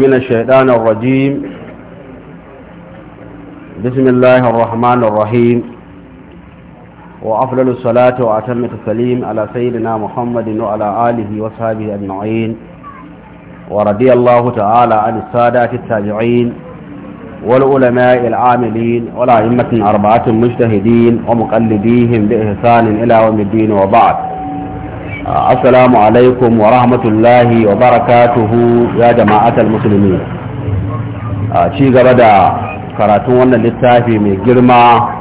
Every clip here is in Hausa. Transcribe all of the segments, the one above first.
من الشيطان الرجيم بسم الله الرحمن الرحيم وأفضل الصلاة وأتم التسليم على سيدنا محمد وعلى آله وصحبه أجمعين ورضي الله تعالى عن السادات التابعين والعلماء العاملين والأئمة أربعة المجتهدين ومقلديهم بإحسان إلى يوم الدين وبعد assalamu alaikum wa rahmatullahi wa barakatuhu ya jama'atul musulmi a ci gaba da karatun wannan littafi mai girma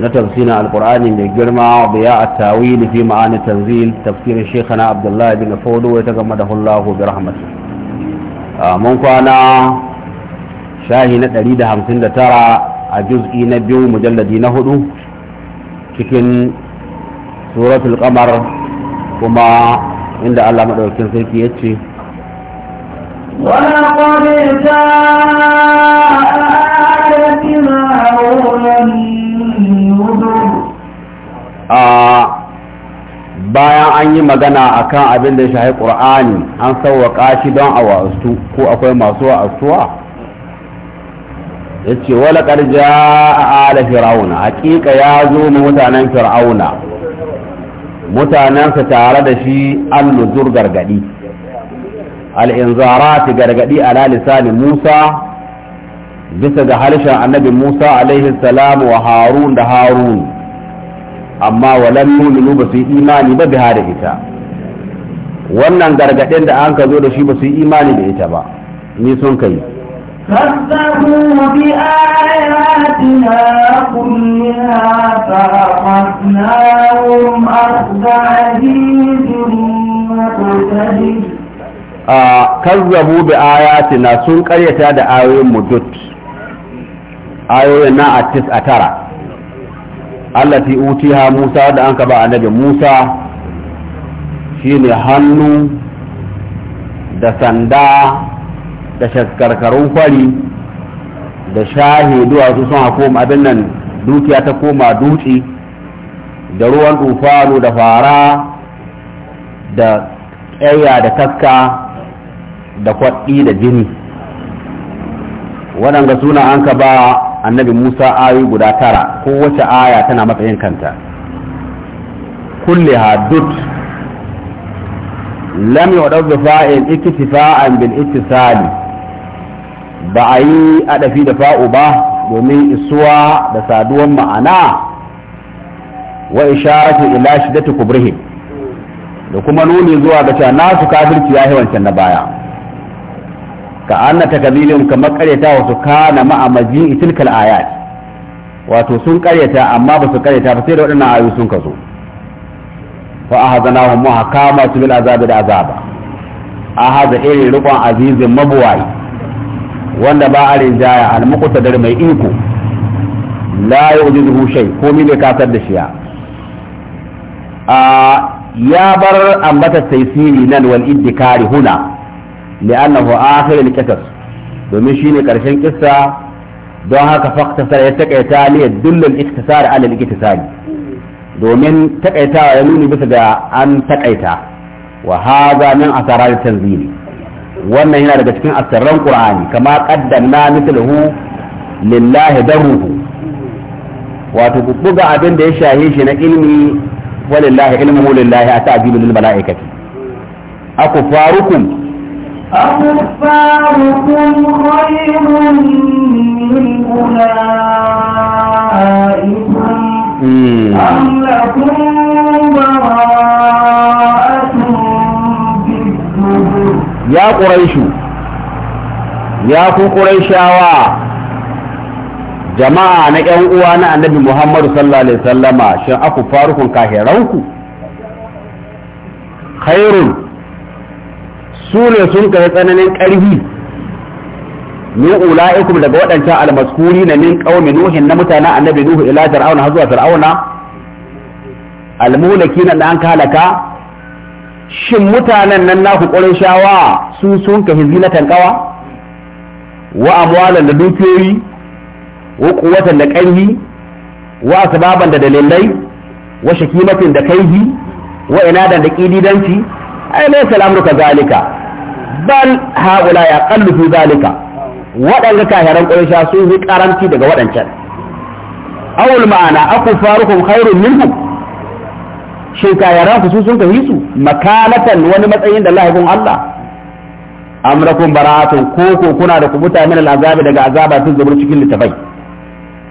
na tafsirin alkur'ani mai girma biya a tawili fi ma'ani tanzil tafsirin shekana abdullahi bin fodo ya ta gama da hullahu bi mun kwana shahi na 159 a juz'i na biyu mujalladi na hudu cikin suratul qamar kuma inda Allah madaukakin sarki ya ce ولقد جاء آياتنا bayan an yi magana akan abin da ya shahi ƙur'ani an sauwaƙa shi don a wasu ko akwai masu wa'asuwa ya ce wala ƙarja a ala fir'auna hakika ya zo mu mutanen fir'auna mutanensa tare da shi an nuzur gargadi al-inzarat gargadi ala lisan Musa bisa ga harshen annabi Musa alaihi salam wa Harun da Harun amma walam yu'minu ba su imani ba biha da ita wannan gargadin da an ka zo da shi ba su imani da ita ba ni sun kai كذبوا بآياتنا كلها فأخذناهم أخذ عزيز مقتدر kazzabu bi na sun karyata da ayoyin mudut ayoyin na a tis a tara allati utiha musa da an ba annabi musa shine hannu da sanda da shakarkarun kwari da shahe duwatsu sun hako abin nan dukiya ta koma dutse da ruwan tufano da fara da ƙyayya da kaska da kwaɗi da jini waɗanda suna an ka ba annabi musa ayoyi guda tara kowace aya tana matsayin kanta kulle hadut lam yi waɗanda fa'in ikisifa'an bil ikisali ba a yi adafi da fa'u ba domin isuwa da saduwan ma'ana wa isharatu ila shiddati kubrihim da kuma nuni zuwa ga cewa nasu kafirci ya wancan na baya ka anna takabilin kamar karyata wasu kana ma'a maji'i tilkal ayat wato sun karyata amma ba su karyata ba sai da waɗannan ayu sun ka zo fa ahazanahum wa bil azabi da azaba ahaza irin riqon azizin mabuwai wanda ba a rinjaya al-muqtadir mai iko la yujizuhu shay komai bai kasar da shi a ya bar ambata taysiri nan wal iddikari huna li'annahu akhir al-qisas domin shine karshen kissa don haka faktasar ya takaita li yadullul iktisar ala al-iktisari domin takaitawa ya nuni bisa ga an takaita wa hadha min asarar tanzili wannan yana daga cikin asirran qur'ani kama qaddamna mithluhu lillahi daruhu wato ku buga abin da ya shahe shi na ilmi walillahi ilmuhu lillahi atajibu lil malaikati akufarukum أكفاركم خير من أولئكم أم لكم براءة ya ƙuraishu ya ku ƙuraishawa jama'a na 'yan uwa na annabi muhammadu sallallahu alaihi sallama shin aku farukun kahiranku khairun su ne sun kai tsananin ƙarfi min ula'ikum daga waɗancan almaskuri na min ƙaumi nuhin na mutanen annabi nuhu ila fir'auna har zuwa fir'auna almulaki na da an halaka shin mutanen nan naku shawa su sun ka na kawa wa amwalan da dukiyoyi wa kuwatan da ƙarfi wa asbaban da dalilai wa shakimatin da kaihi wa inadan da kididanci ai ne al-amru zalika. bal haula ya qallu fi zalika waɗanda kahiran ƙuraysha sun yi karanci daga waɗancan awul ma'ana aku farukum khairun minhum shin kayaran ku su sun kahi su makalatan wani matsayin da lahagun Allah amrakum baratun ko ko kuna da ku mutane al azabi daga azaba tun zubur cikin litafai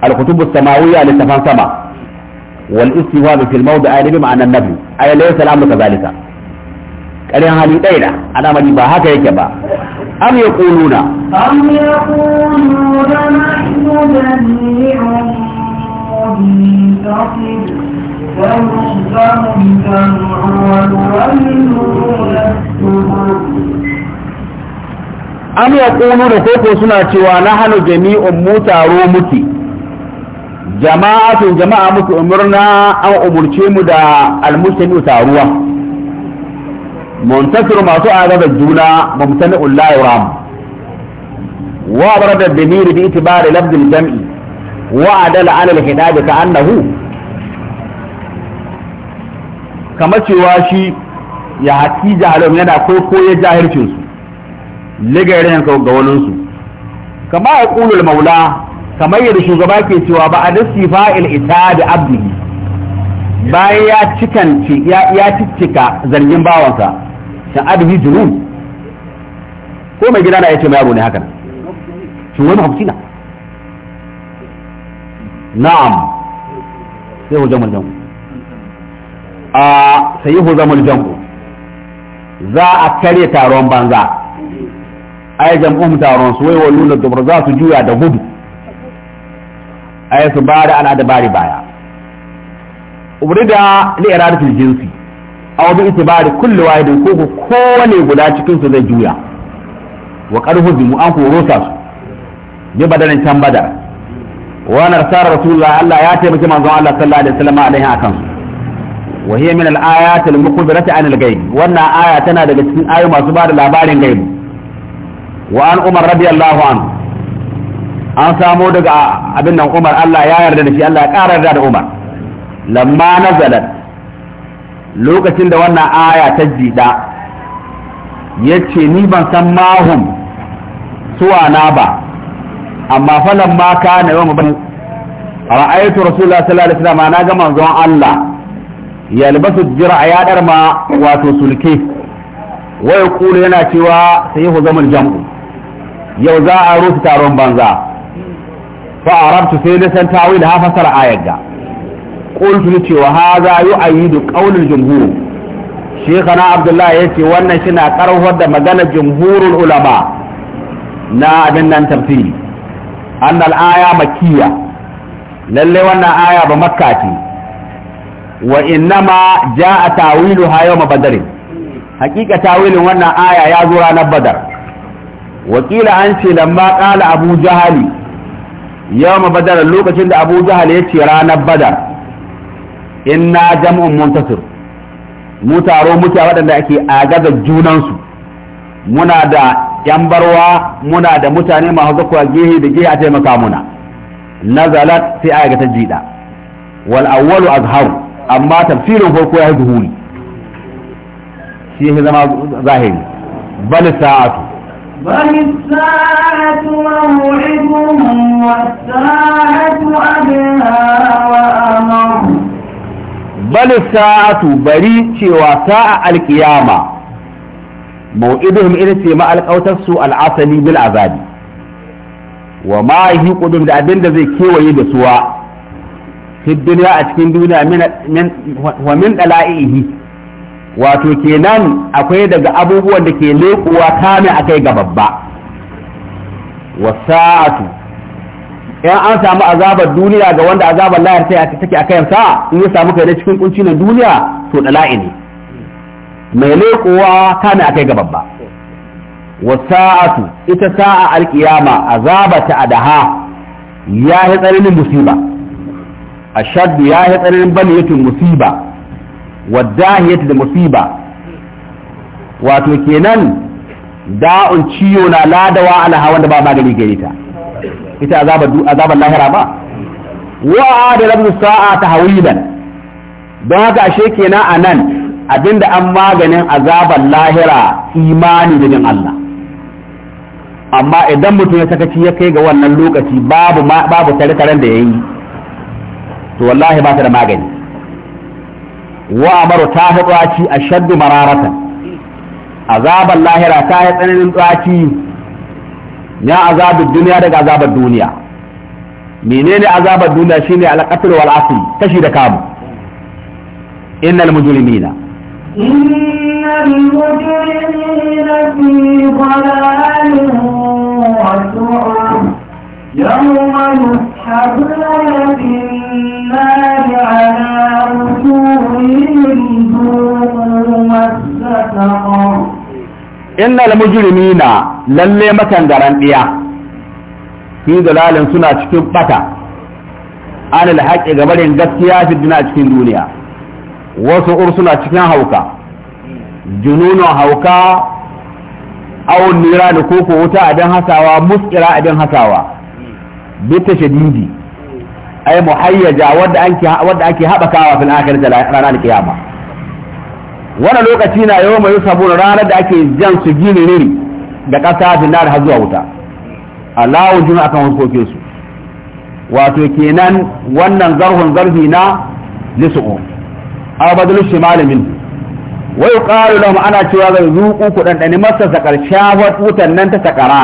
al kutubus samawiyya litafan sama wal istiwab fil mawdi'a bi ma'anan nabi ay laysa al amru zalika. ƙarin hali ɗaya al'amari ba haka yake ba am ya am ya ƙununa na an ya ƙunu da koko suna cewa na hannu jami'un mu taro muke jama'atun jama'a muke umurna an umurce mu da almustami taruwa muntasir masu azabar juna mumtani ullahi ram wa bar da damiri bi itibari labdin jam'i wa adala ala al-hidabi ka annahu kamar cewa shi ya haƙi jahalom yana koko ya jahircinsu ligayar yanka ga waninsu kama ya ƙulul maula kamar yadda shugaba ke cewa ba a dasi fa'il ita da abdihi bayan ya cikanci ya cikika zargin bawansa shan adabi junun ko mai gida na ya ce mai abu ne hakan shi wani na na'am sai hujjar mulkin a sayi huzamul jam'u za a karya taron banza ai jam'un taron su wai wallo da za su juya da gudu ai su bada ana da bari baya ubrida li iradatul jinsi aw bi itibari kulli wahidin ko kowane guda cikin su zai juya wa qarhu bi an koro sa su bi badalan can badar wa sar rasulullah Allah ya taimaki manzon Allah sallallahu alaihi wasallam alaihi akan su wa hiya min al-ayati al-mukhbirati an al-ghaib wannan aya tana daga cikin ayoyi masu bada labarin ghaib wa an radiyallahu anhu an samo daga abin nan umar Allah ya yarda da shi Allah ya ƙara yarda da umar lamma nazalat lokacin da wannan aya ta jida yace ni ban san mahum suwa na ba amma falan ma ban na ga manzon Allah yalbasu jira yaɗar ma wato sulke waya kula yana cewa sai hu zaman jam'u yau za a rufe taron banza fa arabtu sai na san tawil ha fasara a yadda qultu ni cewa hadha yu'ayyidu qaulul jumhur shekana abdullahi ce wannan shi na karfar da maganar jumhurul ulama na abin nan tafsiri annal aya makkiya lalle wannan aya ba makka ce wa innama tawilu tawilu yawm badarin hakika tawilin wannan aya ya zo ranar badar wakila an ce lamma kala abu jahali ma badar lokacin da abu jahali ya ce ranar badar inna jam'un muntasir mu taro muke waɗanda ake agaza junansu muna da yan barwa muna da mutane masu zakuwa gehe da gehe a taimaka muna nazalat sai aya ga ta jida wal awwalu azharu amma tafsirin farko ya yi duhuri shi ya zama zahiri bal sa'atu bal sa'atu maw'iduhum was-sa'atu adha wa amr bal sa'atu bari cewa sa'a al-qiyama ce ma su al bil azabi wa ma yuqudum da abinda zai kewaye da suwa fi duniya a cikin duniya wa min dala'ihi wato kenan akwai daga abubuwan da ke lekuwa kame akai ga babba wasa'atu in an samu azabar duniya ga wanda azabar ta sai take akai sa in ya samu kai na cikin kunci na duniya to dala'i ne mai lekuwa kame akai ga babba wasa'atu ita sa'a alkiyama azabata adaha ya yi tsarinin musiba ashaddu ya yi tsananin baliyatun musiba wadahiyatu da musiba wato kenan da'un ciyo na ladawa alaha wanda ba magani gare ta ita azabar azabar lahira ba wa da rabu sa'a hawilan don haka ashe kenan anan abinda an maganin azabar lahira imani da jin Allah amma idan mutum ya sakaci ya kai ga wannan lokaci babu babu tare da yayi to wallahi ba ta da magani wa amaru ta fi tsaki a shaddu mararatan azabar lahira ta yi tsananin tsaki ya azabar duniya daga azabar duniya menene azabar duniya shine alqatl wal asl kashi da kamu innal mujrimina innal mujrimina innal mujrimina lalle matangaran diya fi dalalin suna cikin bata anil haqqi gabarin gaskiya fi dina cikin duniya wasu ur suna cikin hauka jununa hauka aw nira da koko wuta adan hasawa muskira adan hasawa bita shadidi ay muhayyaja wadda ake wadda ake habakawa fil akhirati ranar kiyama wani lokaci na yau mai ranar da ake jan su gini riri da ƙasa dinar har zuwa wuta alawun juna akan huskokin su wato kenan wannan zarhun zarfi na lisu'u abadul min. wai ƙaru lahum ana cewa zai zuƙu ku ɗanɗani masa sakar shafar wutan nan ta sakara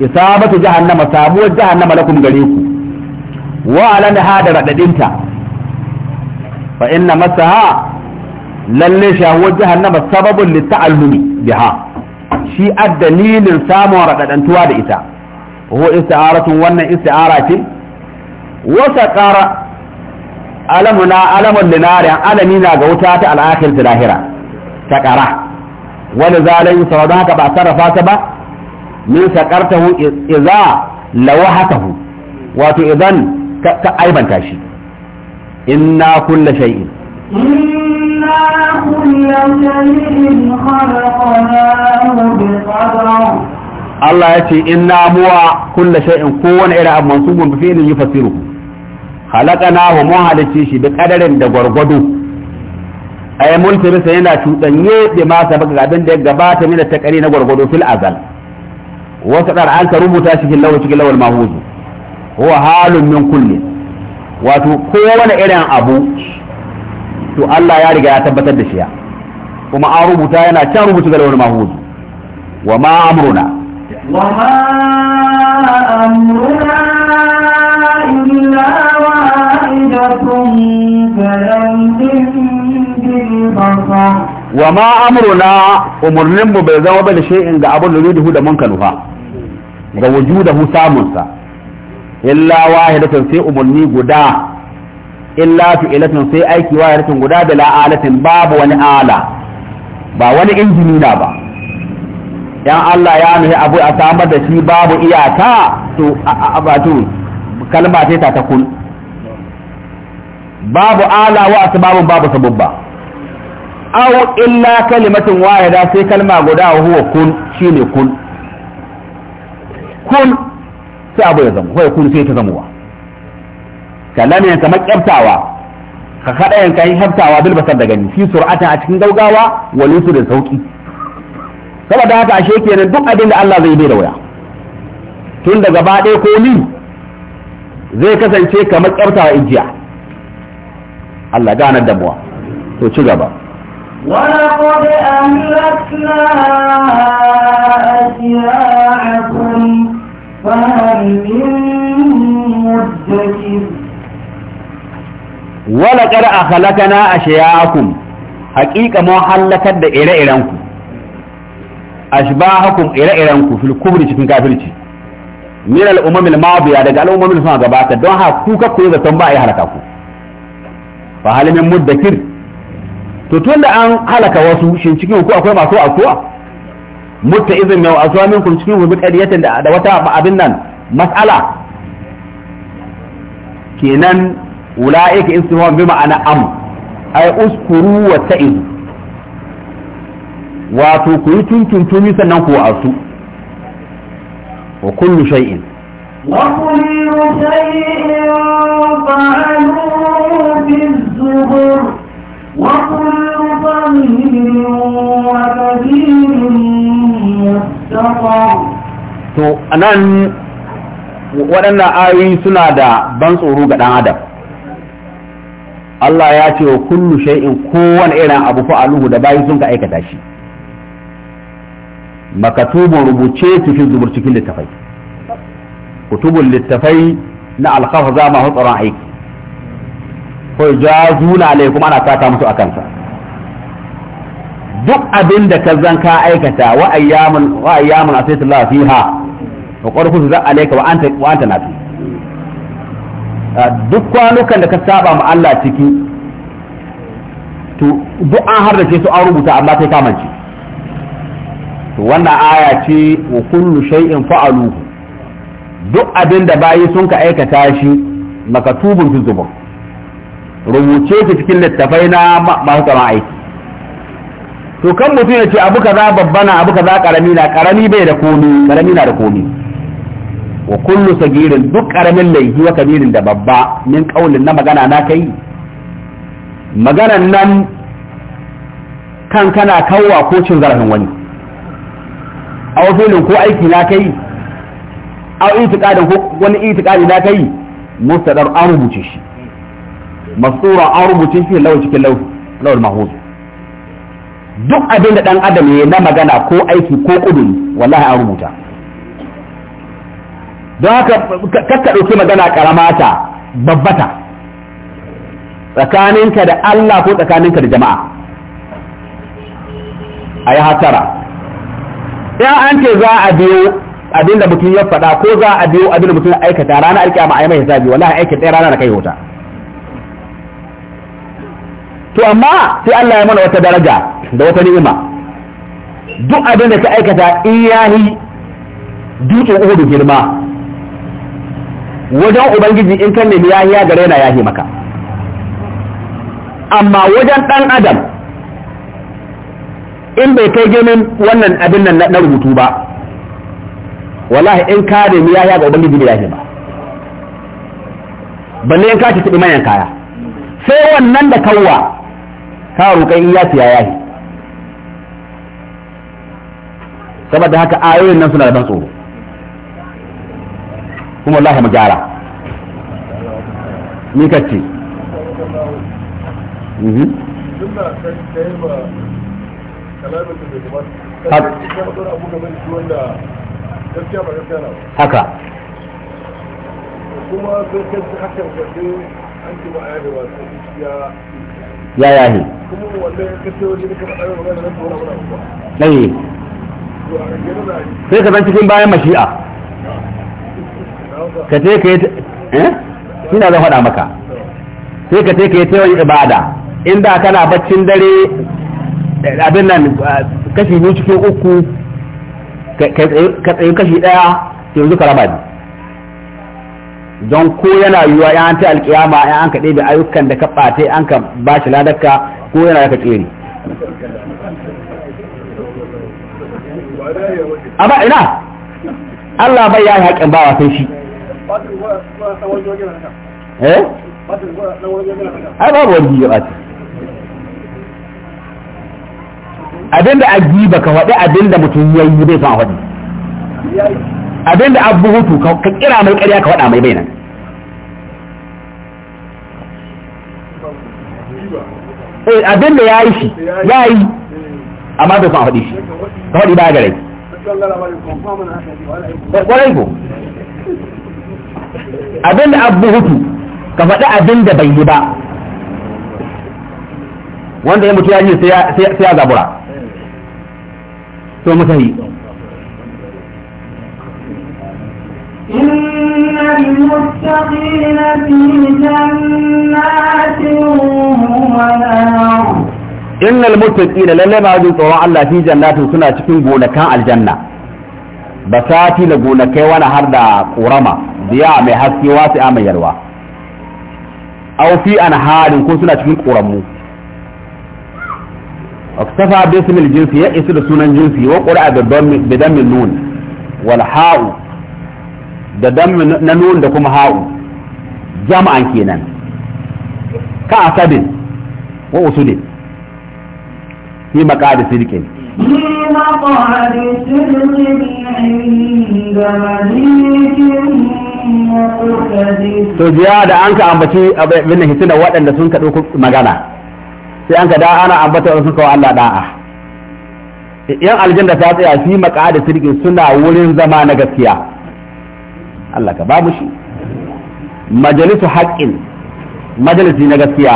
isabatu jahannama sabuwar jahannama lakum gare ku wa alan ha da raɗaɗinta fa inna masaha lalle shahuwar jahannama sababun litta'allumi biha shi a samun raɗaɗantuwa da ita wa isti'aratun wannan isti'ara ce wasa ƙara alamuna alamun linariyan alami na ga wuta ta al'akhir ta lahira ta ƙara wani zalai sauran haka ba sarrafa ta ba min saƙartahu iza lawahatahu wato idan ka aibanta shi inna kulle shay'in Allah ya ce in na muwa kulle sha'in kowane irin abu masu mansubun bi fi'lin yufassiru halaqana wa mun halice shi da kadarin da gwargwado ay mulkin sai yana tudanye da ma sabaka ga da ya gabata mina takari na gwargwado fil azal wata dar an ka rubuta shi cikin lawal cikin lawal mahuzu huwa halun min kulle? wato kowane irin abu to Allah ya riga ya tabbatar da shi kuma an rubuta yana can rubuta galawar mahuz wa ma amruna wa ma amruna illa wahidatun wa ma amruna umurninmu bai zama ba da shay'in ga abin da nuriduhu da munka fa, ga wujudahu samunsa illa ya sai umurni guda illa fi'ilatun sai aiki wa rikin guda da la'alatin babu wani ala ba wani injini na ba dan Allah ya nuhi abu a samar da shi babu iyaka to abatu kalma ce ta kun babu ala wa asbabun babu sababba aw illa kalimatin wahida sai kalma guda huwa kun shine kun kun sai abu ya zama kun sai ta zama kalamin yanka kyaftawa ka kada yanka yi haftawa bil basar da gani fi sur'ata a cikin gaugawa wa lusu da sauki saboda haka ashe kenan duk abin da Allah zai bai da waya tun da gaba ɗaya ko ni zai kasance kamar kyaftawa ijiya Allah ganar damuwa to ci gaba wala kar a na a shayakum haƙiƙa mun halakar da ire-irenku ashbahakum ire-irenku fil kubri cikin kafirci min al'umamil madiya daga al'umamil suna gabata don ha ku ka koyi zaton ba a yi halaka ku fa min mudakir to tun da an halaka wasu shin cikin ku akwai masu asuwa mutta izin mai asuwa min cikin hubi ƙaryatin da wata abin nan mas'ala kenan ula'ika istimam bi ma'ana am ay uskuru wa ta'izu wato ku yi tuntuntuni sannan ku wa'asu wa kullu shay'in wa kullu shay'in to anan waɗannan ayoyi suna da ban tsoro ga ɗan adam Allah ya ce wa kullu shay'in kowane irin abu fa fa'aluhu da bayi sun ka aikata shi makatubun rubuce cikin zubur cikin littafai kutubun littafai na alkhafa za ma hutsaran aiki ko zuna alai kuma ana fata musu a kansa. duk abin da ka zan ka aikata wa ayyamun wa ayyamun asaytu Allah fiha wa qad kuntu za alayka wa anta wa anta nafi Ah, duk kwanukan da ka saba ma Allah ciki to duk an harrace su an rubuta amma sai kamance to wannan aya ce wa kullu shay'in fa'aluhu duk abin da bayi sun ka aikata shi makatubun fi zubur rubuce ki cikin littafai na masu tsaron aiki to kan mutum ya ce abu kaza babba na abu kaza karami na karami bai da komi karami na da komi wa kullu sagirin duk karamin laifi wa kabirin da babba min kaulin na magana na kai maganan nan kan kana kawwa ko cin zarafin wani a wafilin ko aiki na kai a itikadin ko wani itikadi na kai mustadar an rubuce shi masura an rubuce shi lawa cikin lawal mahuzu duk abin da dan adam ya na magana ko aiki ko kudin wallahi an rubuta don haka kakka ɗauki magana ta babbata tsakaninka da Allah ko tsakaninka da jama'a a yi hatara ya an ce za a biyo abin da mutum ya faɗa ko za a biyo abin da mutum ya aikata rana aiki a yi mai hisabi wallahi aikin ɗaya rana na kai wuta to amma sai Allah ya mana wata daraja da wata ni'ima duk abin da ka aikata in yahi dutsen uhudu girma wajen ubangiji in kan nemi yahiya gare na yahi maka amma wajen ɗan adam in bai kai ginin wannan abin nan na rubutu ba wallahi in ka nemi yahiya ga ubangiji bai yahi ba balle in ka ci manyan mayan kaya sai wannan da kawwa ka roƙa in ya fiya yahi saboda haka ayoyin nan suna da ban tsoro kuma Allah mu gyara ni kace mhm. haka kuma sai kai an ci ba a yi ya ya ya kuma wanda ya kace wani ne kamar ayyuka da nan ko wani abu ba sai ka zan cikin bayan mashi'a ka ce ka yi eh ina zan faɗa maka sai ka ce ka yi ta yawan ibada inda kana baccin dare abin nan kashi biyu cikin uku ka tsayi kashi ɗaya yanzu ka raba ne don ko yana yiwa ya an ta alƙiyama ya an ka ɗebe ayyukan da ka ɓata an ka ba shi ladarka ko yana ka tsere amma ina Allah bai ya haƙin bawa sai shi eh ai babu wani ya ɓata abinda a giba ka faɗi da mutum ya yi bai haɗu, faɗi da abu hutu ka kira mai ƙarya ka faɗa mai bainan eh, da ya yi shi ya yi amma bai san faɗi shi ka faɗi ba gare ƙwarai ko abin da abu hutu ka faɗi abin da bai yi ba wanda ya mutu ya yi sai ya zabura to muka yi Inna al-muttaqina fi jannatin wa na'am Innal Allah fi jannatin suna cikin gonakan aljanna ba sati da gonakai wani har da ƙorama biya mai haske wasu mai yalwa aw fi anharin ko suna cikin ƙoramu اكتفى باسم الجنس يئس لسنا جنسي وقرأ بدم بدم النون والهاء بدم النون دكم هاء جمعا كينا كعسد وأسد في مقعد صدق في مقعد صدق عند مليك to jiya da an ka ambaci abin hitina waɗanda sun ka ɗauki magana sai an ka da ana ambata sun kawo Allah da'a yan da ta tsaya fi maka da sirki suna wurin zama na gaskiya Allah ka babu shi majalisu haƙƙin majalisi na gaskiya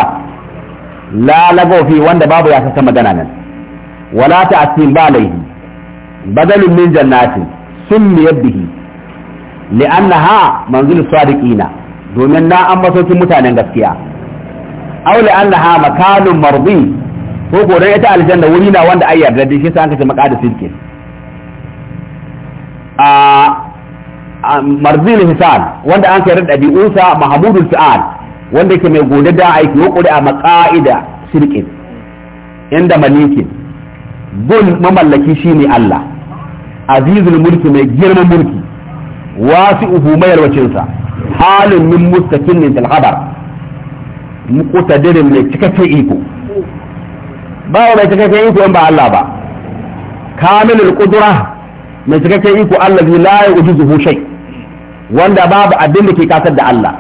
la lagofi wanda babu ya sassa magana nan wala ta'asim ba laihi badalun min jannatin sun yabbihi li'annaha manzil sadiqina domin na an masaukin mutanen gaskiya aw li'annaha makanun mardi ko ko ita aljanna wuri na wanda ai yarda da shi sai an kace maqadu sirkin a marzil hisan wanda an kai da dabi'unsa mahmudul fa'al wanda yake mai gode da aiki ko a maqaida sirkin inda malikin bul mamallaki shine Allah azizul mulki mai girman mulki wasi'uhu mayarwacin sa halin min mustaqillin fil qadar muqtadirin mai cikakken iko ba mai cikakken iko ba Allah ba kamilul qudra mai cikakken iko Allah la yujizuhu shay wanda babu abin da ke kasar da Allah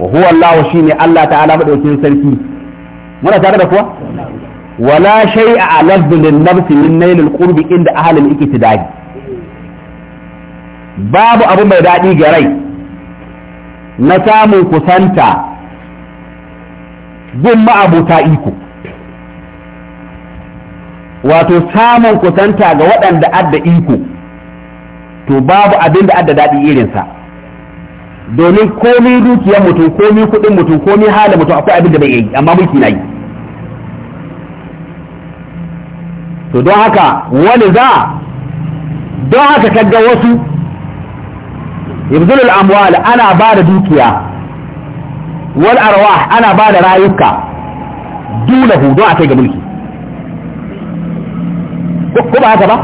wa huwa Allah shine Allah ta'ala madaukin sarki muna tare da kuwa wala shay'a alazzu lin nafsi min nailil qurbi inda ahlul iktidai babu abu mai daɗi ga rai na samun kusanta bin ma'abuta iko wato samun kusanta ga waɗanda adda iko to babu abin da adda daɗi irinsa domin komi dukiyar mutum komi kuɗin mutum komi halin mutum akwai abin da bai yi amma mulki na yi to don haka wani za don haka kaga wasu yabzulul amwal ana ba da dukiya wal arwah ana ba da rayuka dulahu don a kai ga mulki ko ba haka ba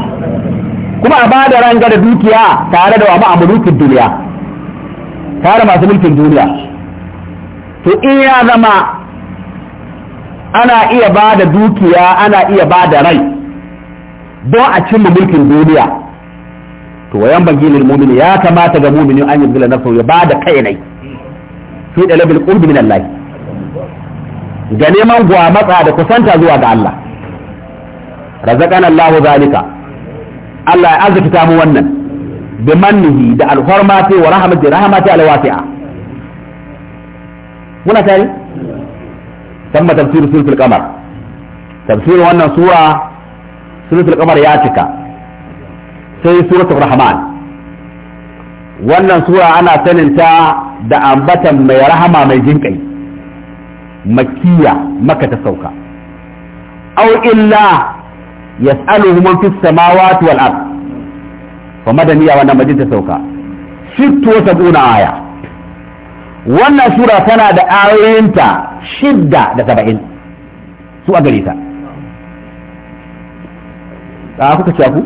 kuma a ba da ranga da dukiya tare da wa mulkin duniya tare masu mulkin duniya to in ya zama ana iya ba da dukiya ana iya ba da rai don a cimma mulkin duniya to wayan bangi lil mu'mini ya kamata ga mu'mini an yuzila nafsu ya bada kai nai fi dalabil qurbi min Allah ga neman matsa da kusanta zuwa ga Allah razaqana Allah zalika Allah ya azurta mu wannan bi mannihi da alhurmati wa rahmati rahmati alwasi'a muna tare tamma tafsir suratul qamar tafsirin wannan sura suratul qamar ya cika sai suratul rahman wannan sura ana saninta da ambatan mai rahama mai jinƙai makiya maka ta sauka aw illa yas'aluhu man fis samawati wal ard fa madaniya wannan majin ta sauka sittu wa sab'una aya wannan sura tana da ayoyinta shidda da saba'in su a gare ta kuka ce ku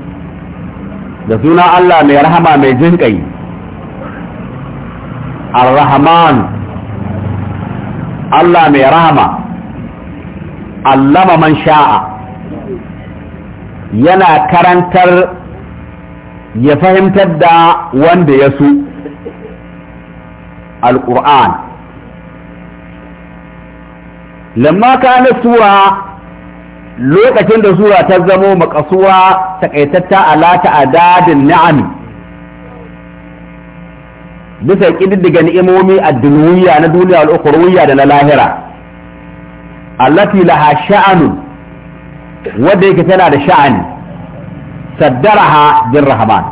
da suna Allah mai rahama mai jin kai ar-rahman Allah mai rahama allama man sha'a yana karantar ya fahimtar da wanda ya su al-qur'an lamma kana sura lokacin da sura ta zamo makasuwa takaitatta ala ta'adadin ni'ami bisa kididdiga ni'imomi a dunyawiyya na duniya al da na lahira allati laha sha'anu wanda yake tana da sha'ani saddaraha bin rahman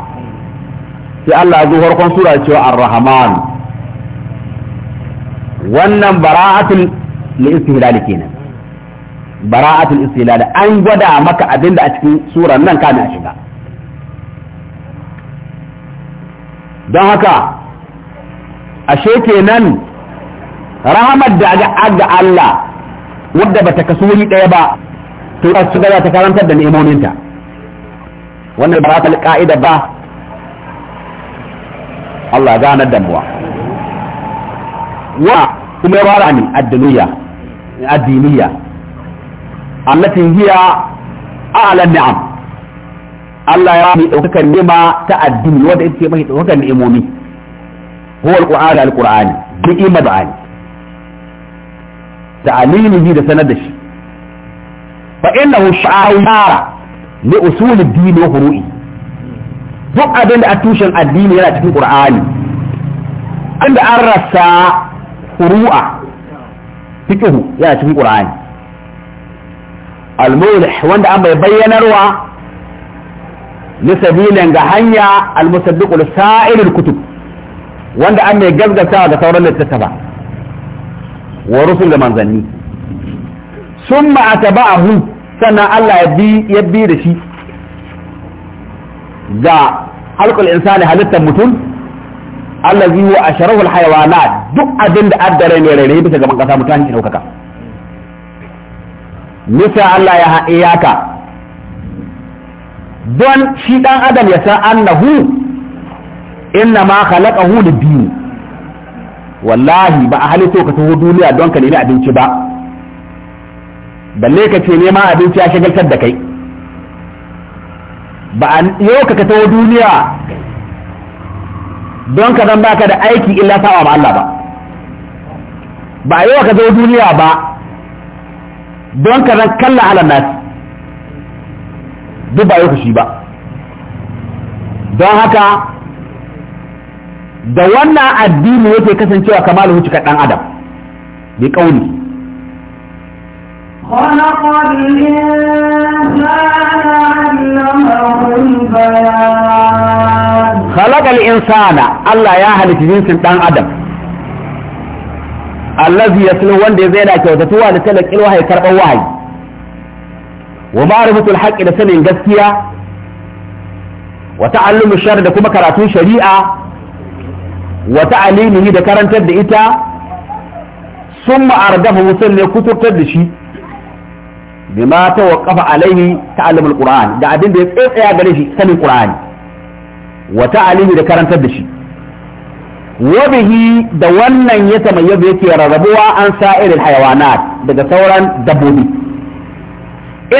sai Allah ya zo farkon sura cewa ar-rahman wannan bara'atul li istihlal kenan bara'atul istilal an gwada maka abinda a cikin surar nan kana shiga don haka ashe kenan rahamar da ga Allah wadda bata kasu wuri ɗaya ba to su ga ta karantar da nemoninta wannan ba ta ka'ida ba Allah ganar da muwa wa kuma ya bara ni addiniya addiniya allati hiya a'la ni'am Allah ya mai daukakar ni'ima ta addini wanda yake mai daukakar ni'imomi huwa alquran alqur'ani ni'ima ba'ani ta'alimihi da sanar da shi fa innahu sha'ara li usul ad-din wa furu'i duk abin da a tushen addini yana cikin qur'ani inda an rasa furu'a fiqhu yana cikin qur'ani al wanda an bai bayyanarwa na sabilin ga hanya al-musaddiq sa'irul kutub wanda an mai gaggata ga sauran littattafa wa rusul da manzanni summa atba'ahu sannan Allah ya bi ya bi da shi ga halqul insani halittar mutum allazi wa asharahu al-hayawanat duk abin da addare ne rere bisa gaban kasa mutane ki daukaka nisa Allah ya haɗe yaka don shi ɗan adam ya san annahu inna ma khalaqahu li biyu wallahi ba a halitto ka taho duniya don ka nemi abinci ba balle ka ce neman abinci ya shagaltar da kai ba a yau ka taho duniya don ka zan baka da aiki illa sawa ba Allah ba ba yau ka taho duniya ba don ka zan kalla ala nasi duk ba yi kushi ba don haka da wannan addini yake kasancewa kamar wuce ɗan adam bi kauli خلق الإنسان علمه البيان خلق الإنسان الله يا هل تجنس ɗan adam allazi yaslu wanda ya zaina kyautatuwa da talakil wahayi karban wahayi wa ma'rifatul haqqi da sanin gaskiya wa ta'allumu shar da kuma karatun shari'a wa ta'alimihi da karantar da ita summa ardafa mutum ne kuturtar da shi bima tawaqqafa alayhi ta'allumul qur'an da abin da ya tsaya gare shi sanin qur'ani wa ta'alimi da karantar da shi wabihi da wannan ya tamayyazu yake rarrabuwa an sa'irin hayawanat daga sauran dabbobi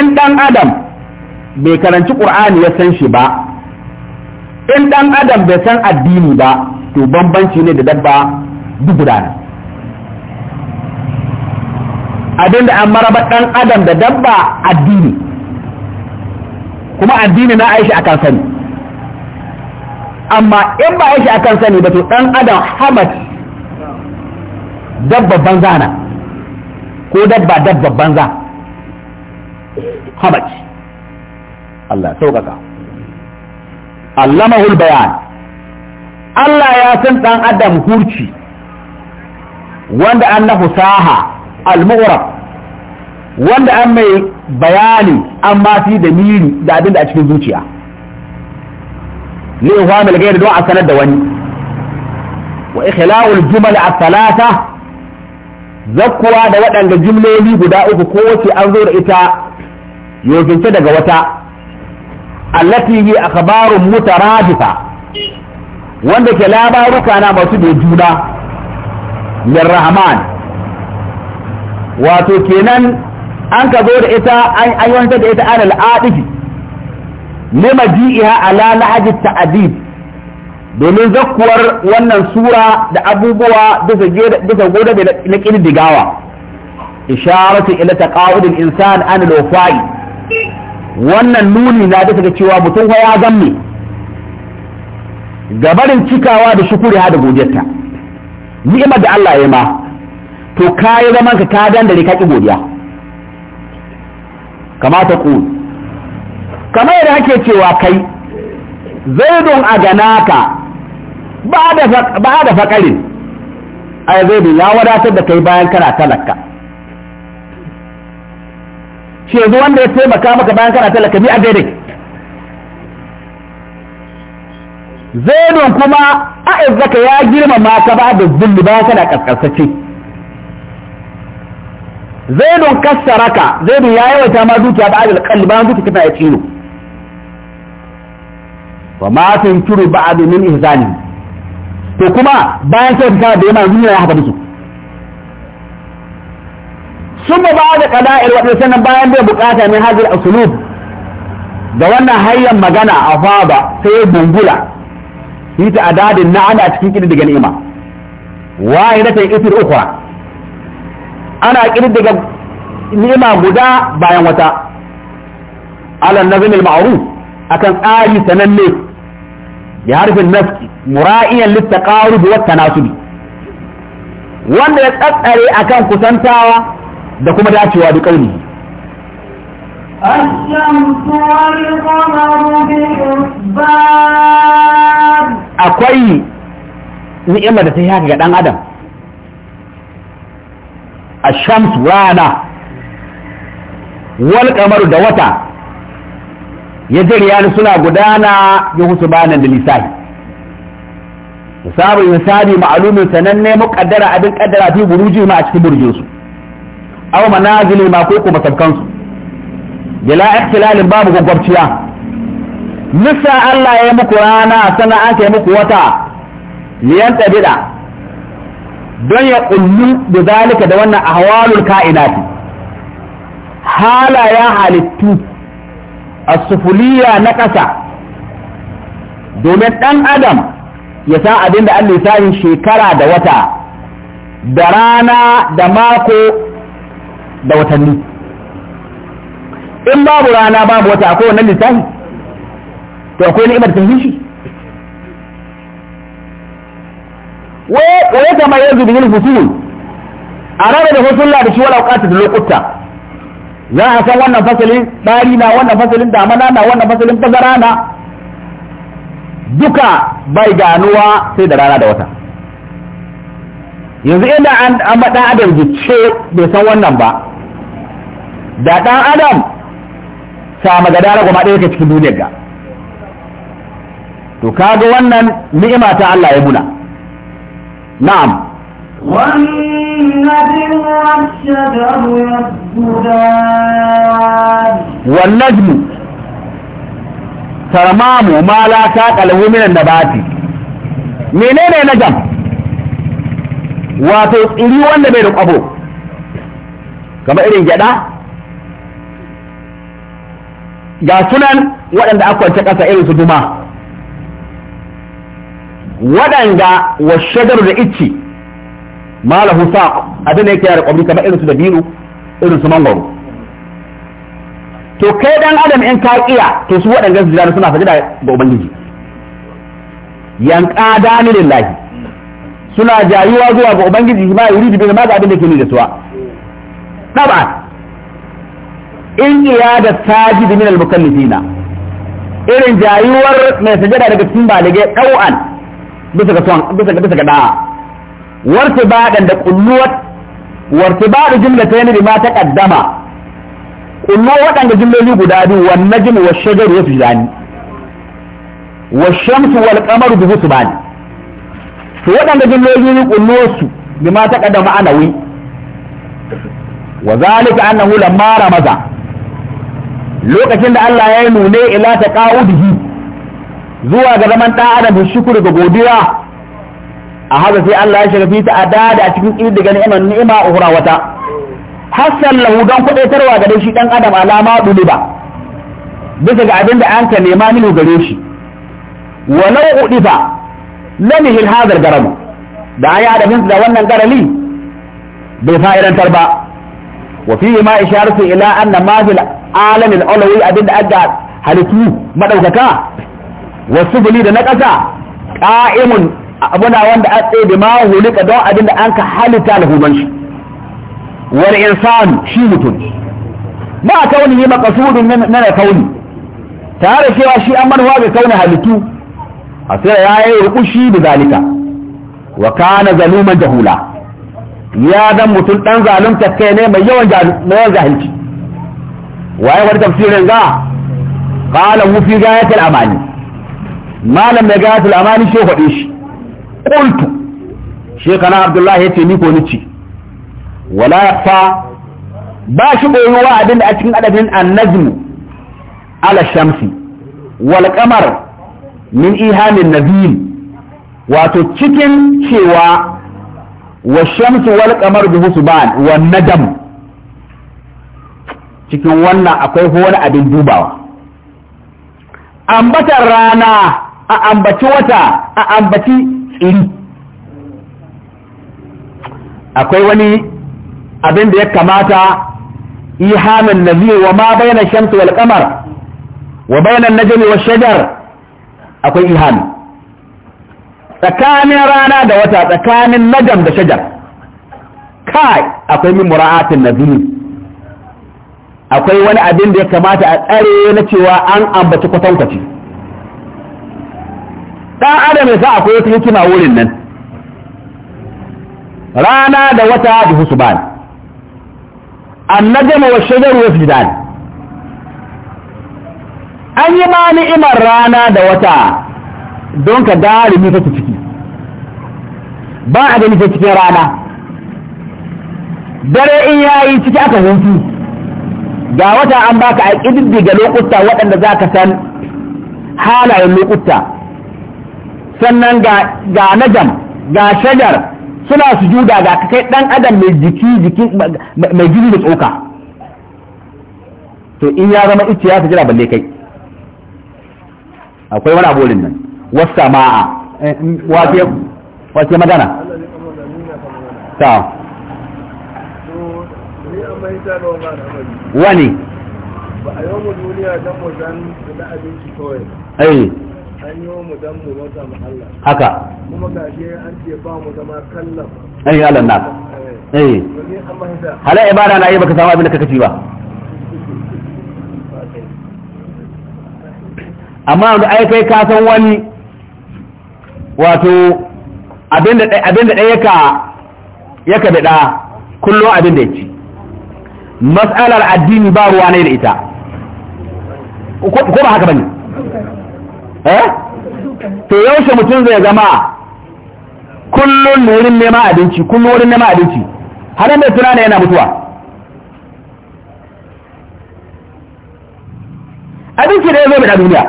in dan adam bai karanci qur'ani ya san shi ba in dan adam bai san addini ba to bambanci ne da dabba duk guda ne abinda an dan adam da dabba addini kuma addini na aishi akan sani amma in ba ya akan sani ba to dan adam hamad dabba banza na ko dabba dabba banza hamad Allah sauƙaƙa allamahul bayan Allah ya san dan adam hurci wanda an na fusaha al-mu'rab wanda an mai bayani an mafi da miri da abin da a cikin zuciya ne wamil gairi don a sanar da wani wa ikhlawul jumal as-salata zakkuwa da waɗanda jimloli guda uku ko wace an zo da ita yozince daga wata allati yi akhbarun mutaradifa wanda ke labaruka na masu da juna min rahman wato kenan an ka zo da ita an yi da ita an al'adifi lima ji'iha ala lahaji ta'adib domin zakkuwar wannan sura da abubuwa bisa goda na ƙididdigawa isharatu ila taqawudil insan an al wannan nuni na da ga cewa mutum ya zamme gabarin cikawa da shukuri ha da godiyarta ni'imar da Allah ya ma to kayi zaman ka ka dandare ka ki godiya kamata ku kamar yadda ake cewa kai zaidun a ganaka ba da faƙarin ai zaidun ya wadatar da kai bayan kana talaka shi yanzu wanda ya taimaka maka bayan kana talaka mi a daidai zaidun kuma a izzaka ya girmama ka ba da zulli bayan kana kaskasace zaidun kassaraka zaidun ya yawaita ma zuciya ba a da kalli bayan dukiya kana ya tsiro wa ma ba a domin ihzani to kuma bayan sai ka da yana duniya ya haka musu. sun ba da qada'il wa sannan bayan bai bukata min hadir asulub da wannan hayyan magana a faba sai ya bungula yi ta adadin na'ana cikin cikin daga ni'ima wahidatan isir ukhra ana daga ni'ima guda bayan wata ala nazmil ma'ruf akan tsari sananne bi harfin naski mura'iyan littaqarub wa tanasubi wanda ya tsatsare akan kusantawa da kuma dacewa da kauli akwai ni'imar da ta yi haka ga ɗan adam ashams rana wal kamaru da wata ya jirya suna gudana ya hutu banan da lissahi misalin misali ma'alumin sananne muƙaddara abin ƙaddara fi buruji ma a cikin burjinsu aw manazili ma ko kuma sabkansu bila ikhtilalin babu gwaggwabciya nisa Allah ya yi muku rana sana an muku wata liyan tabida don ya kullu da zalika da wannan ahwalul kainati halayen halittu asufuliya na ƙasa domin ɗan adam ya san abin da Allah ya shekara da wata da rana da mako da watanni in babu rana babu wata akwai wannan lissafi to akwai ni'imar ta shi wa ya kama yanzu da yin husul a rana da husulla da shi wala da lokuta za a san wannan fasalin ɗari na wannan fasalin damana na wannan fasalin bazara na duka bai ganuwa sai da rana da wata yanzu inda an maɗa adam ce bai san wannan ba da ɗan adam sama ga dara goma ɗaya cikin duniyar ga to kaga wannan ni'ima ta Allah ya buna na'am والنجم والشجر يسجدان والنجم ترمام ما لا تاقله من النبات منين نجم wato tsiri wanda bai da kwabo kamar irin gyaɗa? ga sunan waɗanda aka kwance ƙasa irin su duma waɗanda wa shagar da icci malahu saq abin da yake yara kwamri kamar irin su da dinu irin su mangwaro to kai dan adam in ka kiya to su waɗanda su jira suna sajida ga ubangiji yanka ni lillahi suna jayuwa zuwa ga ubangiji ma yuridu bin ma ga abin da ke ni da suwa taba in ya da sajid min al-mukallifina irin jayuwar mai sajada daga cikin baligai ɗau'an bisa ga bisa ga da'a wartibadan da kulluwar wartibadu jumlatayn bima taqaddama kullu waɗanda jumloli guda biyu wan najm wa shajaru yasjudani wa shamsu wal qamaru bi husbani to waɗanda jumloli kulluwarsu bima taqaddama anawi wa zalika annahu lamma ramaza lokacin da Allah ya yi nuna ila taqawudihi zuwa ga zaman ɗan adam da shukuru ga godiya a haka sai Allah ya shiga fi ta dada a cikin ƙirɗi daga iman ni'ima uhura wata hassan lahu don kuɗaitarwa gare shi ɗan adam alama ɗuliba bisa ga abin da an ka nema minu gare shi walau uɗifa lamihil hazar garamu da an yi adabinsu da wannan garali bai fa'irantar ba wa fi ma isharatu ila anna ma fil alamin alawi abin da aka halittu madaukaka wasu bili da na ƙasa ƙa'imun abuna wanda an tsaye da mahulika don abin da an ka halitta alhuban shi wal insan shi mutum ma kauni yi makasudun na kauni tare cewa shi an manuwa ga kauni halittu a sai ya yi rukushi da zalika wa kana zaluman jahula ya dan mutum dan zalunta kai ne mai yawan jahilci waye wani tafsirin ga qala hu fi amani malam mai gayatil amani shi faɗi shi Ƙultu shekana abdullahi ya ce ni ko ni ci wala fa ba shi wa abin da a cikin adabin annazmu ala shamsi wal qamar min ihamin nabil wato cikin cewa wa shamsu wal qamar bi husban wa nadam cikin wannan akwai wani abin dubawa ambatar rana a ambaci wata a ambaci iri akwai wani abin da ya kamata ihamin nabiyu wa ma bayanan shamsu wal kamar wa bayanan najmi wa shajar akwai ihamin tsakanin rana da wata tsakanin najam da shajar kai akwai min mura'atin nabiyu akwai wani abin da ya kamata a tsare na cewa an ambaci kwatankwaci ɗan adam ya sa akwai wata hikima wurin nan rana da wata da na annajama wa shajar wa fidan an yi ma ni'imar rana da wata don ka galibi ta ciki ba a gani ta cikin rana dare in yayi ciki aka hutu ga wata an baka a ƙididdiga lokuta waɗanda za ka san halayen lokuta sannan ga najam ga shagar suna sujuda ga kai dan adam mai jiki jiki mai jini da tsoka to in ya zama icce ya sujada balle kai akwai wani abolin nan wasa ma'a eh, mm, wace magana ta wani ba a yi wani duniya don wajen da abinci kawai eh. haka kuma gashi an ce ba mu zama kallon ayi yi Allah eh, eh. hala ibada na yi baka samu abin da kaka ci ba amma da ai kai ka san wani wato abin da ɗaya yaka yaka bida kullum abin da ya ci mas'alar addini ba ruwa ne da ita ko ba haka bane Eh? to yaushe mutum zai zama kullum wurin neman abinci kullum wurin neman abinci har mai tunana yana mutuwa abinci da ya zo da duniya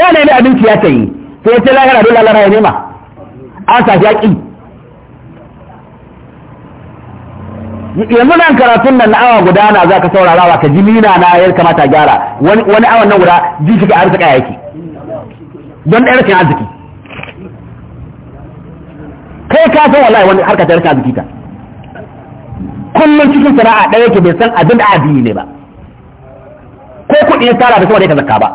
ya ne abinci ya ta yi to ya ce lahira abin lalara ya nema an sa ya ƙi. yanzu nan karatun nan na awa guda na za ka saurara ka ji nina na ya kamata gyara wani awan nan guda ji shi ga arzika yake don ɗaya rashin arziki kai ka san wallahi wani harka ta rashin arziki ta kullum cikin sana'a ɗaya yake bai san abin da addini ne ba ko kuɗi ya tara da kuma dai ka zakka ba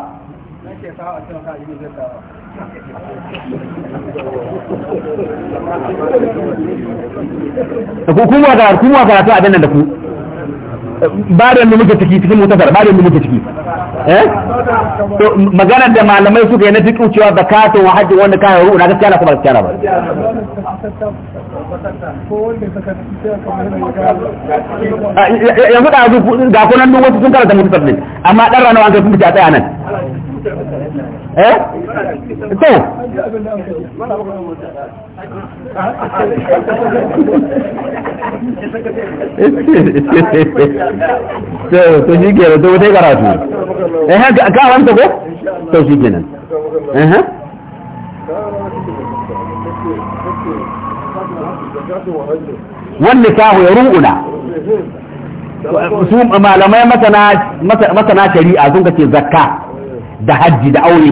ku kuma ga kuma ga abin nan da ku ba da muke ciki cikin mutasar ba da muke ciki Eh? to maganar da malamai suka yi na fiqh cewa da zakatun wa hajji wanda kai ruwa na gaskiya na kuma gaskiya ba yanzu da ga kunan duk wasu sun karanta mutasabbil amma dan rana an kai kuma ta tsaya nan إيه؟ إيه، ها إيه، ها ها ها ها ها ها ها ها ها ها انت بقى توجيه هنا ايه والنكاح يروقنا قسوم ما لما متنا متنا شريعه دونك زكاه da hajji da aure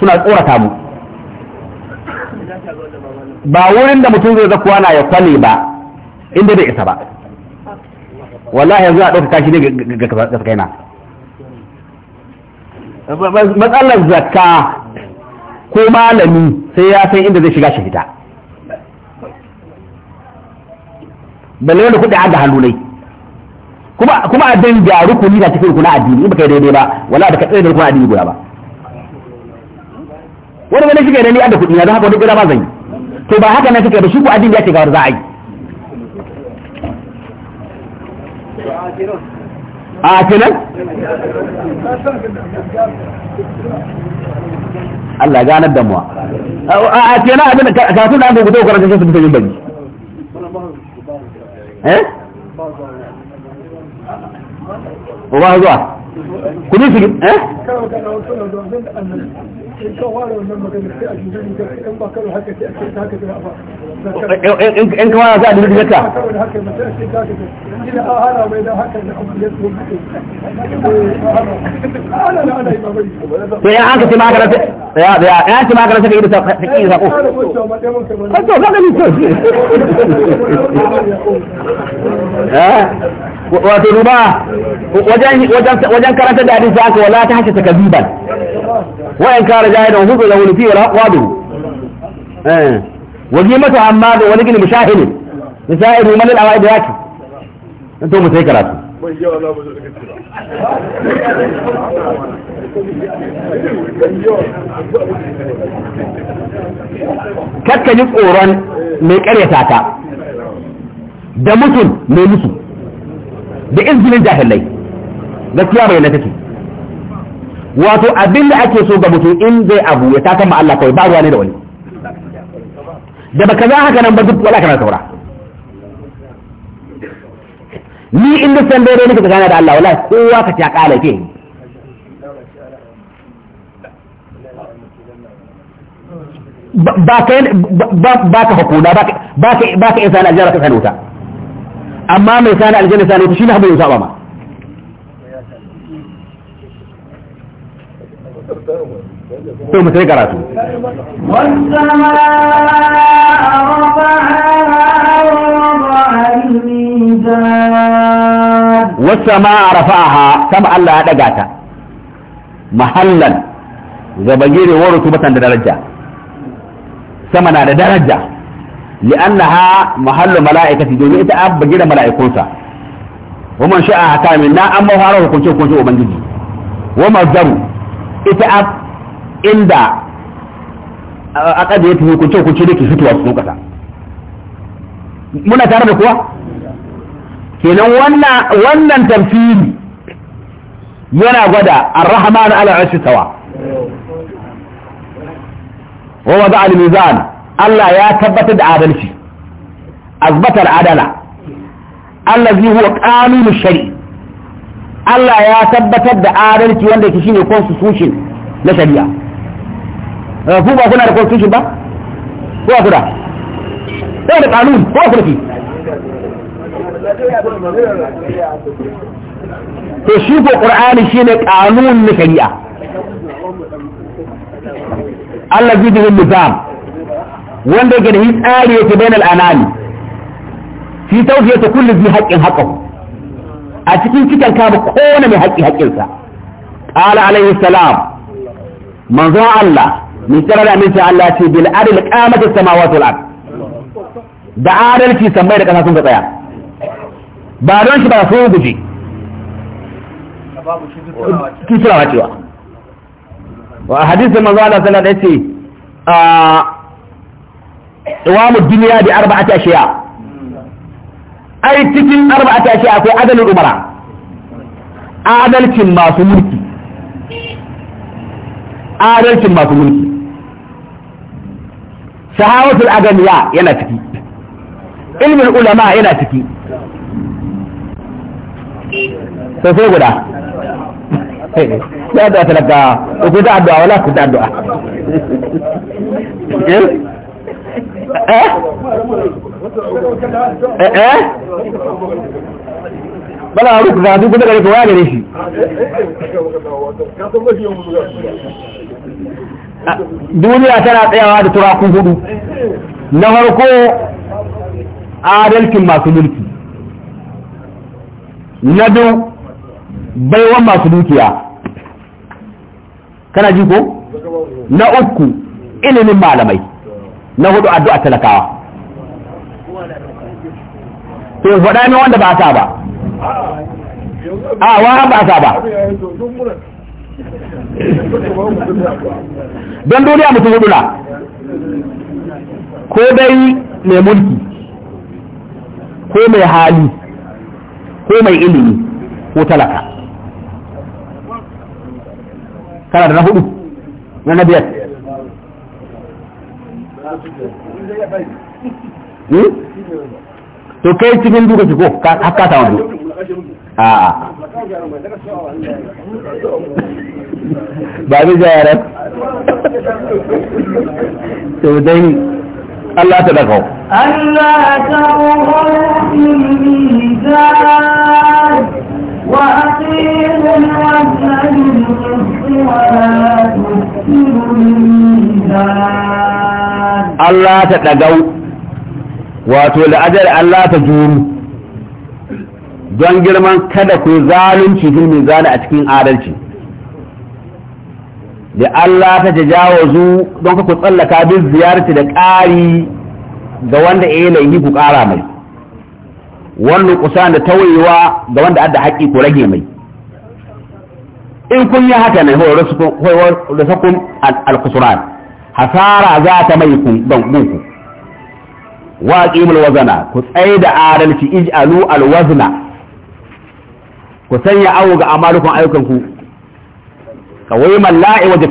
suna tsorata mu ba wurin da mutum zai zakuwa na ya kwale ba inda bai isa ba wallahi yanzu a ɗauka kashi ne ga kaina matsalar zakka ko malami sai ya san inda zai shiga shi fita balle wanda kuɗi aga hannu kuma a dan gyaru kuni na cikin kuna addini in baka yi daidai ba wala da ka tsaye da kuna addini guda ba wani wani shi ne ni da kuɗi na za haka wani gida ma zan yi to ba haka na suke da shi ko addini ya ce ga za a yi a kenan Allah ganar da a kenan abin da da su bisa yin eh ba zuwa eh ان كان هذا اللي بدك اياه يا انت ما قلت يا يا انت ما قلت لي تقول تقول هذا اللي تقول ها وادي ربا وجان وجان كرهت دادي ذاك ولا تحكي تكذيبا وين كان زائد وفضل ولفي ولا واضه اه وقيمة عماد ولكن مشاهد مساعد ومن العوائد ياكي انتو متذكرات kakka ji tsoron mai karyata ta da mutum mai musu da izinin jahilai gaskiya bai na take wato abin da ake so ga mutum in zai abu ya takan ma Allah kawai ba ruwa ne da wani da baka za haka nan ba duk wala kana saura ni in da san dai nake gana da Allah wallahi kowa ka ta kala ke ba ka ba ka hukuna ba ka ba ka isa na jara ka sanuta amma mai sana aljanna sanuta shi ne bai saba ma sai mu sai karatu wasa ma a rafa'aha sama Allah ya daga ta mahallan zabagire wa batan da daraja sama na da daraja li'annaha mahallu mala'ikati domin ita abba gida mala'ikunsa wa man sha'a hakamin na amma fara hukunce hukunce ubangiji wa mazdaru ita ab inda a kada ya tafi kuce kuce da ke fitowa cikin kasa muna tare da kuwa kenan wannan wannan tafsiri yana gwada ar-rahman ala arshi tawa wa wada al-mizan Allah ya tabbatar da adalci azbatar adala allazi huwa qanun shari'i Allah ya tabbatar da adalci wanda yake shine constitution na shari'a Eh, ku ba kuna da constitution ba ko ba ku da sai da kanun ko ku da to shi ko qur'ani shine kanun na shari'a Allah zai da nizam wanda yake da tsari yake bainal anami fi tawfiyatu kulli bi haqqin haqqahu a cikin cikin kama kowane mai haƙƙi haƙƙinsa ƙala alaihi salam manzon Allah min sharar aminci Allah ce bil adil qamata samawati wal ard da adalci sammai da kasa sun ka tsaya ba don shi ba sun guje ki turawa cewa wa hadisin manzo Allah sallallahu alaihi wasallam yace a iwamu duniya bi arba'ati ashiya ai cikin arba'ati ashiya akwai adalin umara adalcin masu mulki adalcin masu mulki shahawatul aganiya yana ciki ilmin ulama yana ciki sai sai guda sai da talaka ku da addu'a wala ku da addu'a eh eh, eh, eh? bala ruku da duk da gare ko ya gare shi duniya tana tsayawa da turaku hudu na farko adalcin masu mulki na biyu baiwan masu dukiya kana ji ko na uku ilimin malamai na hudu addu'a talakawa to faɗa min wanda ba ta ba a wa ba ta ba don duniya mutum hudu na ko dai mai mulki ko mai hali ko mai ilimi ko talaka kana da na hudu na na biyar hmm? to kai cikin duka ko haka ta wani ba ni jayarar to dai Allah ta dakau Allah ta wuhun wa Allah ta dagau wato la'ajar Allah ta juru don girman kada ku zalunci fil zane a cikin adalci da Allah ta tajawazu don ka ku tsallaka bin ziyarci da ƙari ga wanda ya laifi ku ƙara mai wannan kusa da tawayewa ga wanda adda haƙƙi ku rage mai in kun yi haka ne da sakun al-kusuran hasara za ta mai ku don ku wa qimul wazana ku tsaye da adalci ij'alu al-wazna ku sanya awo ga ayyukan ayyukanku Ka wai qawiman la iwaja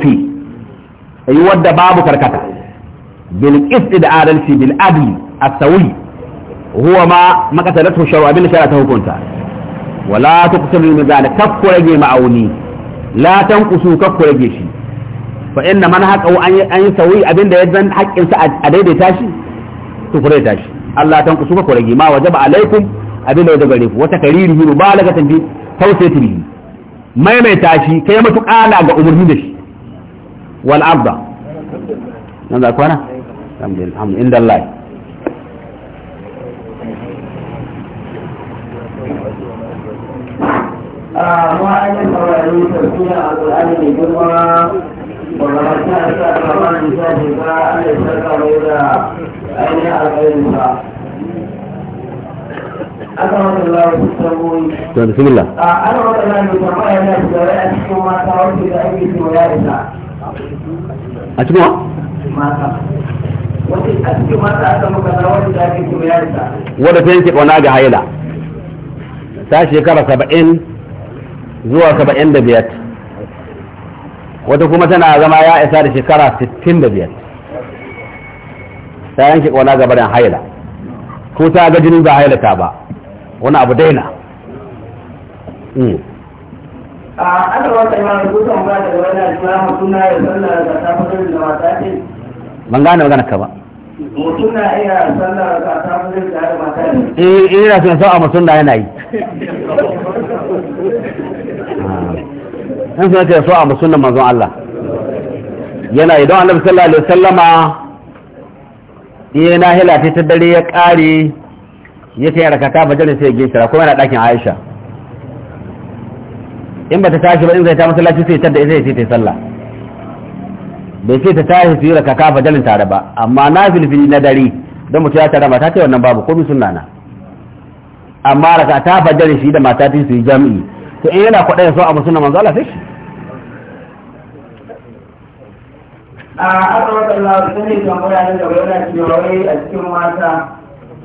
a yi wadda babu karkata bil qist da adalci bil adli as-sawi huwa ma maqatalatu shar'u abin shar'a ta hukunta wala tuqsimu min zalika kakku rage ma'auni la tanqusu kakku rage shi fa inna man haqa an yi sawi abinda ya zan haƙƙin a daidaita shi to ku daidaita shi Allah tanqusu kakku rage ma wajaba alaikum Abin abinda ya gare ku wata kariri hu balagatan bi tawsaytu bi. maimaita shi kai matuƙala ga umarni da shi wal arda nan da kwana alhamdulillah inda Allah وعلم وعلم تفسير القرآن بالجمعة ومن كان سأل الله من شاهد أن يشرك بيضا أين أقيمها to wata da a cikin mata da ake a cikin wa mata ta yanke kwana ga haila ta shekara saba'in zuwa saba'in da biyar wata kuma tana zama ya isa da shekara sittin da biyar ta yanke ga barin haila ko ta ga jinin ba ta ba wani abu daina mm. a ana wata imam gudun ba da wani alfahar suna ya sallar da ta fitar da mata ce ban gane magana ka ba mutum iya sallar da ta fitar da mata ce eh eh ina son sa'a mutum na yana yi ah. in sun ce so a musulman manzon Allah yana idan annabi sallallahu alaihi wasallama yana hila ta dare ya kare ya ta yi rakata bajarin sai gishira kuma yana ɗakin aisha in ba ta tashi ba in zai ta masallaci sai tadda ita sai ta yi sallah bai sai ta tashi su yi rakata jalin tare ba amma na filfili na dare don mutu ya tare mata ta wannan babu komi suna na amma rakata bajarin shi da mata su yi jami'i to in yana kwaɗa ya so a musulman manzo Allah sai shi a aka wata lafiya ne kan wuraren da cewa a cikin mata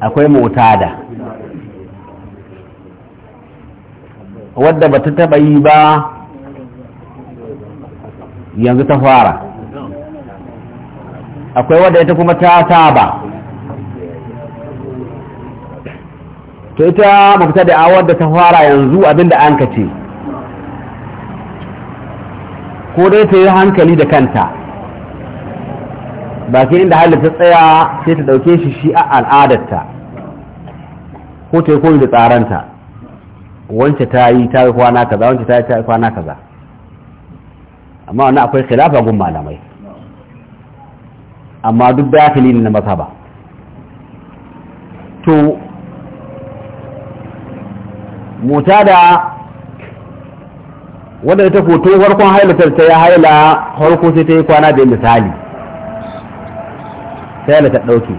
akwai mutada wadda ba ta taba yi ba yanzu ta fara akwai wadda ita kuma ta saba to ita mafita da awar da ta fara yanzu abinda an ka ce ko dai ta yi hankali da kanta ba ke inda halin ta tsaya sai ta dauke shi shi a al'adarta ko ta yi koyi da tsaranta wance ta yi ta yi kwana kaza wance ta yi ta yi kwana kaza amma wani akwai khilafa gun malamai amma duk da ya ne na ba to mota da wadda ta hoto farkon hailatar ta ya haila farko sai ta yi kwana da misali sai hala ta ɗauke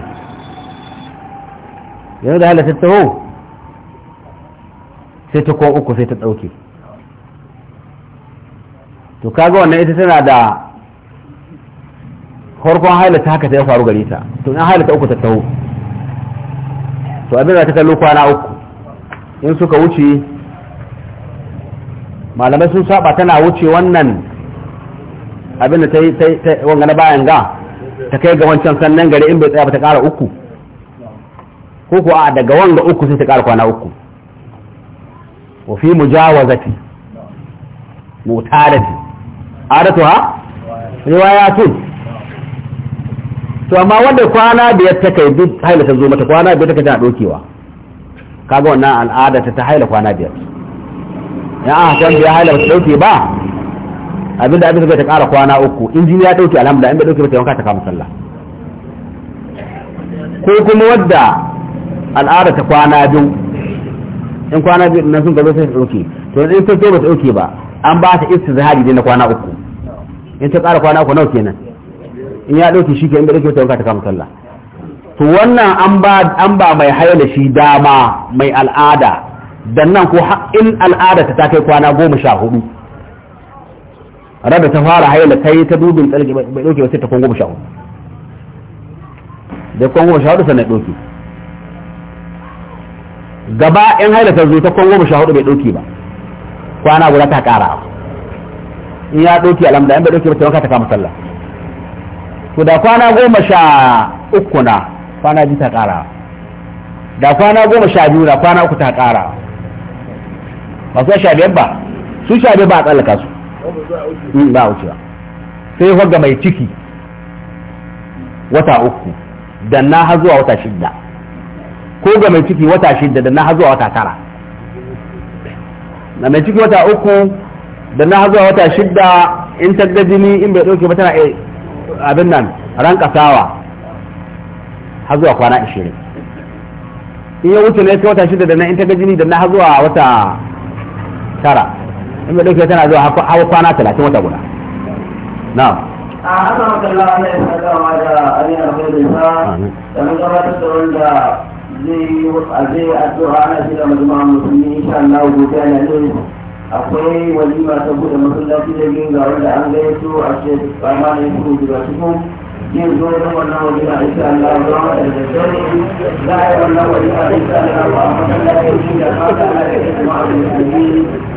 yanzu da hala ta taho sai ta ko uku sai ta ɗauke to kaga wannan ita tana da farkon halatta haka ta ya faru gari ta to in halatta uku ta taho to abin da ta kallo kwana uku in suka wuce malamai sun saba tana wuce wannan abin da ta yi wangana bayan ga ta kai ga wancan sannan gari in bai tsaya ba ta ƙara uku ko ko a daga wanga uku sai ta ƙara kwana uku wa fi mujawazati mutadati adatuha riwayatun to amma wanda kwana biyar ta kai duk haila ta zo mata kwana biyar ta kai tana dokewa kaga wannan al'ada ta ta haila kwana biyar ya a kan biya haila ta dauke ba abinda abin zai ta ƙara kwana uku in jini ya ɗauke alhamdulillah in bai ɗauke ba ta yanka ta kama sallah ko kuma wadda al'ada ta kwana biyu in kwana biyu na sun gaba sai ta ɗauke to in ta ce ba ta ɗauke ba an ba ta istizhari ne na kwana uku in ta ƙara kwana uku nawa kenan in ya ɗauke shi ke in bai ɗauke ta yanka ta kama sallah to wannan an ba an ba mai shi dama mai al'ada dan nan ko in al'ada ta kai kwana goma sha hudu rada ta fara haila ta yi ta dubin tsarki bai ɗauke ba sai ta kongo sha da kongo sha hudu sannan ɗauke gaba in haila ta zo ta kongo sha bai ɗauke ba kwana guda ta ƙara in ya ɗauke alamda in bai ɗauke ba ta wanka ta kama sallah to da kwana goma sha uku na kwana biyu ta ƙara da kwana goma sha biyu na kwana uku ta ƙara masu sha biyar ba su sha biyar ba a tsallaka su Hmm, ba a wucewa sai wagga mai ciki wata uku da na ha zuwa wata shidda ko ga mai ciki wata shidda da na ha zuwa wata tara na mai ciki wata uku da na ha zuwa wata shidda in ta ga in bai ɗauke ba tana abin nan ran kasawa ha zuwa kwana ashirin in ya wuce ne sai wata shida da na in ta ga jini da na ha zuwa wata tara in da dauke tana zuwa hawa kwana talatin wata guda na a haka makalla ana yin sakawa da abin alkhairin sa da mun gabatar da wanda zai yi a zai addu'a ana shi da majmu'a musulmi insha Allah gobe ana yin akwai walima ta bude masallaci da yin ga wanda an gayyato a ce ba ma ne su da su yin zo da wannan walima insha Allah za mu da daddare za a yi wannan walima insha Allah ba masallaci da fata ana da jama'a musulmi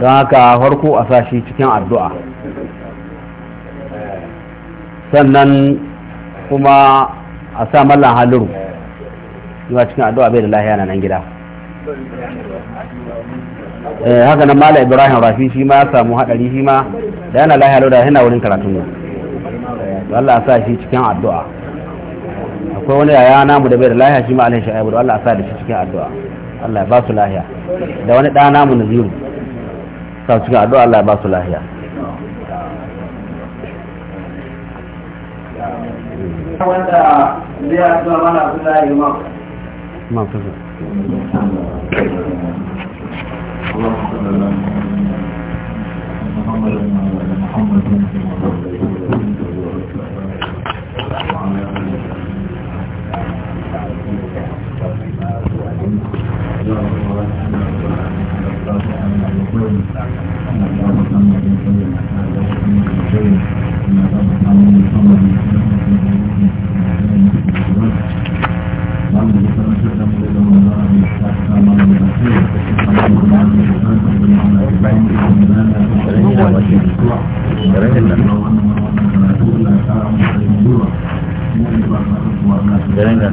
don haka farko a sa shi cikin addu'a sannan kuma a sa mallan haliru zuwa cikin addu'a bai da lahiya na nan gida eh, haka nan mala ibrahim rafi shi ma ya samu haɗari shi ma da yana lahiya da yana wurin karatun ne Allah sa shi cikin addu'a akwai wani yaya namu da bai da lahiya shi ma alhin sha'abu Allah sa da shi cikin addu'a Allah ya ba su lahiya da wani ɗa namu na ziru sa cikin addu'a Allah ya ba su lahiya محمد محمد Gracias.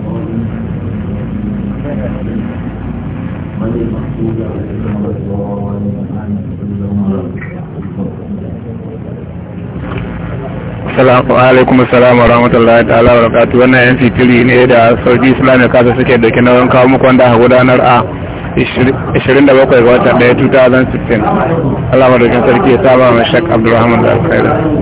Salamu alaikum salam wa rahmatullahi ta'ala wa barakatuh wannan yan fitiri ne da Saudi Islamic kasa suke da kina wani kawo muku wanda gudanar a 27 ga watan 1 2016 da kan sarki ya saba mai shak Abdulrahman da alkhairu